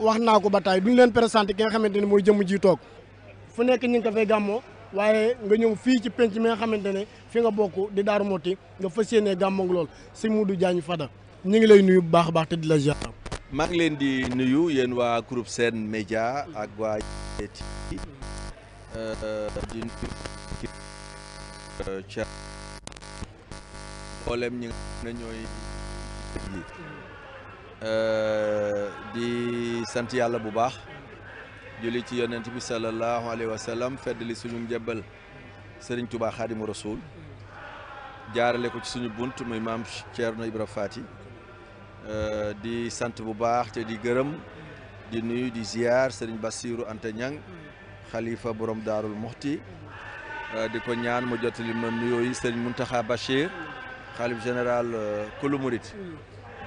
wax naa ko ba taay duñu leen présenté ki nga xamante ne mooy jëmm ji toog fu nekk ñu ngi gàmmoo waaye nga ñëw fii ci penc mi nga xamante ne fi nga bokk di Daaru Moti nga fas yéenee gàmmoog lool si Modou Diagne Fada ñu ngi lay nuyu bu baax a baax te di la ziar. maa leen di nuyu yéen waa groupe seen Média ak waa TV Euh, di sant yàlla bu baax julli ci yonent bi sallallahu alayhi wa fedd li suñu njëbbal sëriñ Touba Xaadimu Rasuul jaarale ko ci suñu bunt muy maam Thierno Ibra Faty euh, di sant bu baax te di gërëm di nuyu di ziar sëriñ Bassirou Anta Niang xalifa borom daarul muxti euh, di ko ñaan mu jottali ma nuyoo yi sëriñ Mountakha Bachir xalif général kulu murit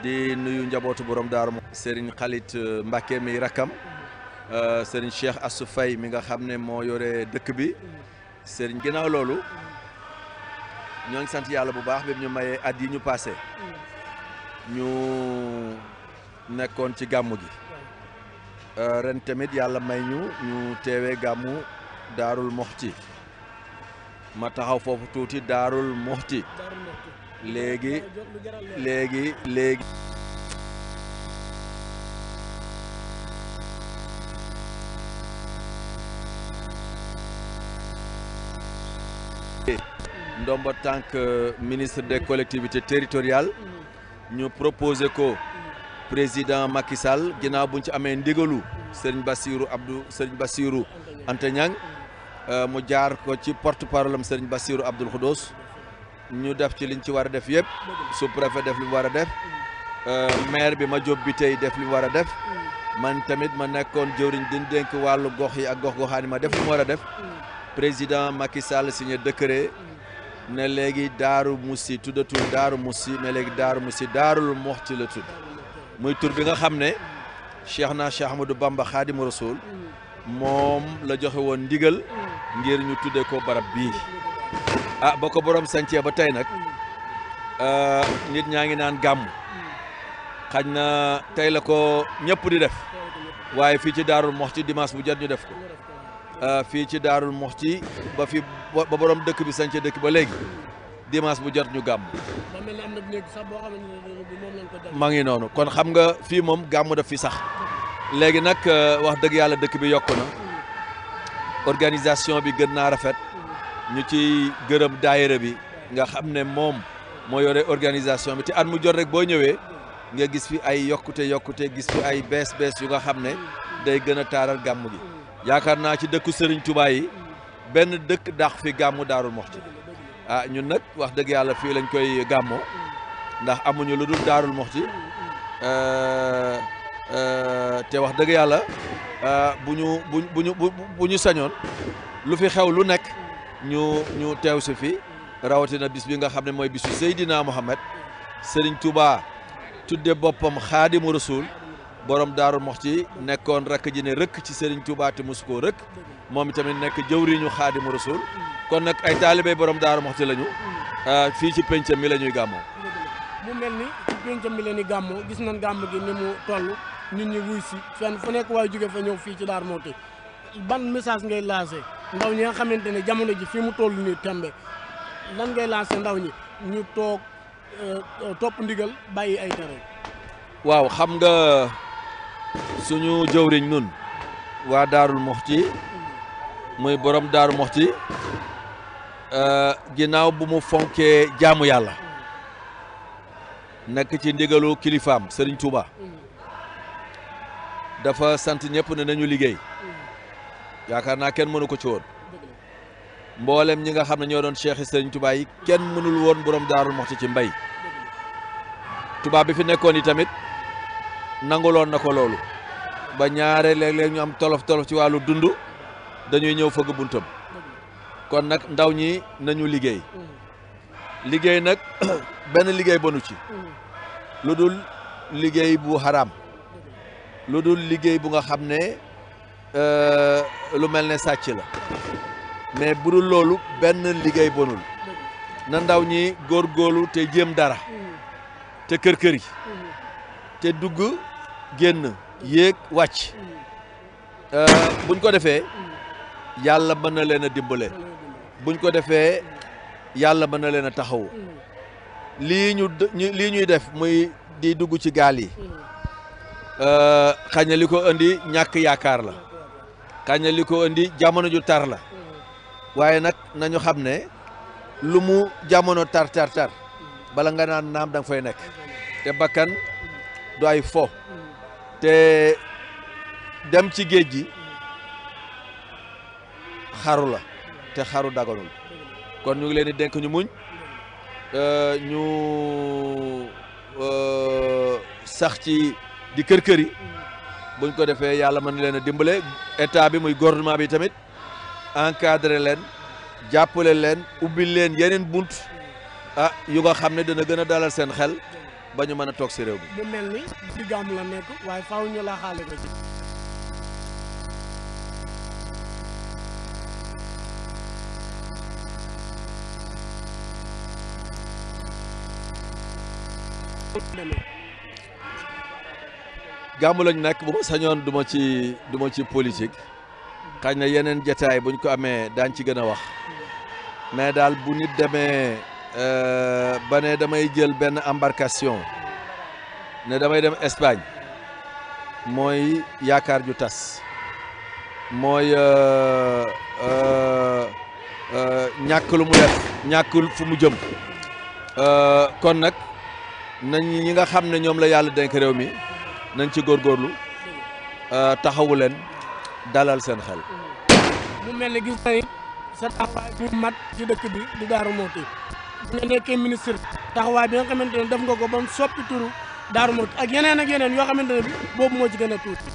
li nuyu njabootu boroom daaru moo Serigne Khalid euh, Mbacke mi rakkam euh, Serigne Cheikh Assou Faye mi nga xam ne moo yore dëkk bi Serigne ginnaaw loolu ñoo sant yàlla bu baax bi ñu mayee at yi ñu passé ñu nekkoon ci gàmmu gi euh, ren tamit yàlla may ñu ñu teewee gàmmu daarul moxti ma taxaw foofu tuuti daarul moxti léegi léegi léegi ndomba que ministre des collectivités territoriales ñu proposé ko président Macky Sall gina buñ ci amé ndigalu Serigne Bassirou Abdou Serigne Bassirou Anta Niang euh, mu jaar ko ci porte-parole Serigne Bassirou Abdoul khodous ñu def ci liñ ci war a def yëpp sous def li war a def euh, maire bi ma jóob bi tey def li war a def man tamit ma nekkoon jëwriñ diñ dénk wàllu gox yi ak gox goxaan yi ma def li mu war a def président Macky Sall signé décret ne léegi Daaru Musi tuddatul Daaru Musi mais léegi Daaru Musi Daarul Muxti la tudd muy tur bi nga xam ne Cheikh na Cheikh Ahmadou Bamba Xaadimu Rasul moom la joxe woon ndigal ngir ñu tuddee ko barab bii a ah, ba ko borom sancee ba tey nag mm. ah, nit ñaa ngi naan gàmm mm. xañ na tey la ko ñëpp di def waaye fii ci Daarul ci dimanche bu jot ñu def ko ah, fii ci Daarul ci ba fi ba borom dëkk bi sancee dëkk ba léegi mm. dimanche bu jot ñu gàmm ma ngi noonu kon xam nga fii moom gàmm daf fi sax léegi nag wax dëgg yàlla dëkk bi yokku na organisation bi gën naa rafet ñu ci gërëm daayira bi nga xam ne moom moo yore organisation bi te at mu jot rek boo ñëwee nga gis fi ay yokkute yokkute gis fi ay bees bees yu nga xam ne day gën a taaral gàmm gi yaakaar naa ci dëkku Serigne Touba yi benn dëkk dàq fi gàmmu Daaru Moxti ah ñun nag wax dëgg yàlla fii lañ koy gàmmoo ndax amuñu lu dul mox Moxti eh, eh, te wax dëgg yàlla ah, bu ñu bu ñu bu ñu sañoon lu fi xew lu nekk. ñu ñu teew si fi rawatina bis bi nga xam ne mooy bisu Seydina Mohamed Serigne Touba tudde boppam xaadimu rasul borom Daaru mox ci nekkoon rakk ji ne rëkk ci Serigne Touba ti mosu koo rëkk moom itamit nekk jëwriñu xaadimu rasul kon nag ay taalibe borom Daaru ci lañu ah, fii ci pencam mi lañuy ñuy gàmmoo. mu mel ni ci pencam mi la gàmmoo gis nañ gàmm gi ni mu toll nit ñi wuy si fenn fu nekk waaye jóge fa ñëw fii ci Daaru Moxti ban message ngay lancé. ndaw ñi nga xamante ne jamono ji fi mu toll nii tembe lan ngay lancé ndaw ñi ñu toog euh, topp ndigal bàyyi ay tere. waaw xam nga suñu jëwriñ nun waa Daarul Moxti muy borom Daarul Moxti euh, ginnaaw bu mu fonkee jaamu yàlla nekk ci ndigalu kilifaam Serigne Touba mm. dafa sant ñëpp ne nañu liggéey. Mm. yaakaar naa kenn mënu ko ci woon mboolem ñi nga xam ne ñoo doon cheikh Sëriñ Tuubaa yi kenn mënul woon borom daarul moxti ci mbay tubaab bi fi nekkoon yi tamit nanguloon na ko loolu ba ñaare léeg-léeg ñu am tolof tolof ci wàllu dund dañuy ñëw fëgg buntam kon nag ndaw ñi nañu liggéey liggéey nag benn liggéey bonu ci lu dul liggéey bu xaraam lu dul liggéey bu nga xam ne Euh, lu mel ne sàcc la mais bu loolu benn liggéey bonul na ndaw ñi góorgóorlu te jëm dara mm-hmm. te kër kër yi mm-hmm. te dugg génn yéeg wàcc mm-hmm. euh, buñ ko defee yàlla mën na leen a dimbale buñ ko defee yàlla mën na leen a taxawu lii ñu ñuy def muy di dugg ci gaal yi euh, xañ ko indi ñàkk yaakaar la kañ li ko indi jamono ju taar la waaye nag nañu xam ne lu mu jamono tar tar tar bala nga naan naam da nga nekk te bakkan du ay fo te dem ci géej gi xaru la te xaru daganul kon ñu ngi leen di dénk ñu muñ euh, euh, sax ci di kër kër yi buñ ko defee yàlla mën leen a dimbale état bi muy gouvernement bi tamit encadré leen jàppale leen ubbi leen yeneen bunt ah yu nga xam ne dana gën a dalal seen xel ba ñu mën a toog ci réew bi mel ni si waaye faaw ñu la xaale gàmmu lañ nekk bu ma sañoon du ma ci du ma ci politique kañ na yeneen jataay buñ ko amee daañ ci gën a wax mais daal bu nit demee euh, ba ne damay jël benn embarcation ne damay dem Espagne mooy yaakaar ju tas mooy euh, euh, ñàkk lu mu def ñàkkul fu mu jëm kon nag nañ ñi nga xam ne ñoom la yàlla denk réew mi nañ ci góorgóorlu euh, taxawu leen dalal seen xel. mu mel ne gis nañu sa taxawaay bu mat ci dëkk bi di Darou Mouhty bu nga nekkee ministre taxawaay bi nga xamante ne def nga ko ba mu soppi turu Darou Mouhty ak yeneen ak yeneen yoo xamante ne bi boobu moo ci gën a tuuti.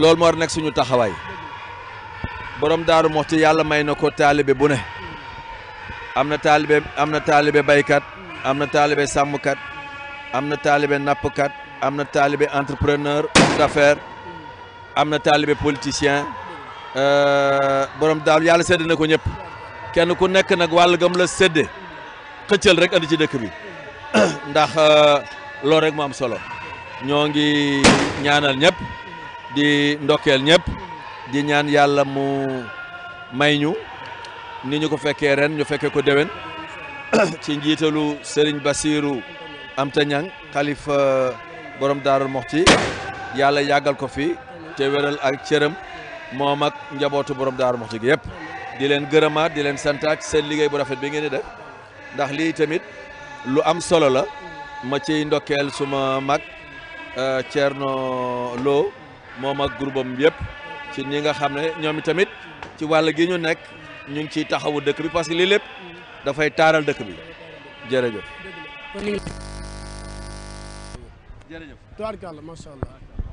loolu moo war nekk suñu taxawaay borom Darou Mouhty yàlla may na ko taalibe bu ne am na taalibe am na taalibe baykat. am na taalibe sàmmkat am na taalibe nappkat am na taalibe entrepreneur homme d'affaires am na taalibe politicien euh, borom daal yàlla sédd na ko ñëpp kenn ku nekk nag wàll gamla sedde sédde rek andi ci dëkk bi ndax euh, loolu rek mu am solo ñoo ngi ñaanal ñëpp di ndokkeel ñëpp di ñaan yàlla mu may ñu ni ñu ko fekkee ren ñu fekkee ko déwén ci njiitalu Serigne Basiru Amta Niang xalif borom Daaru Moxti yàlla yagal ko fi te wéral ak cëram moom ak njabootu borom Daaru Moxti gi yëpp di leen gërëmaat di leen santaat seen liggéey bu rafet bi ngeen def ndax tamit lu am solo la ma ciy ndokkeel suma mag euh, Thierno Lo moom ak groupam yëpp ci ñi nga xam ne ñoom i tamit ci wàll gi ñu ñu taxawu bi parce que dafay taaral dëkk bi jërëjëf. jërëjëf. tubaarkàlla macha allah.